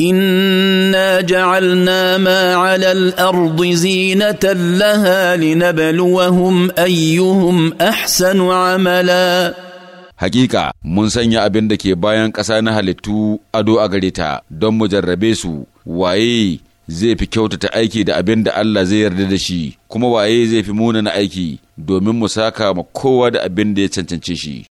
انا جعلنا ما على الارض زينه لها لنبلوهم ايهم احسن عملا Hakika mun sanya abin da ke bayan ƙasa na halittu ado a gare ta don mu jarrabe su waye zai fi kyautata aiki da abin da Allah zai yarda da shi kuma waye zai fi munana aiki domin mu saka ma kowa da abin da ya cancance shi.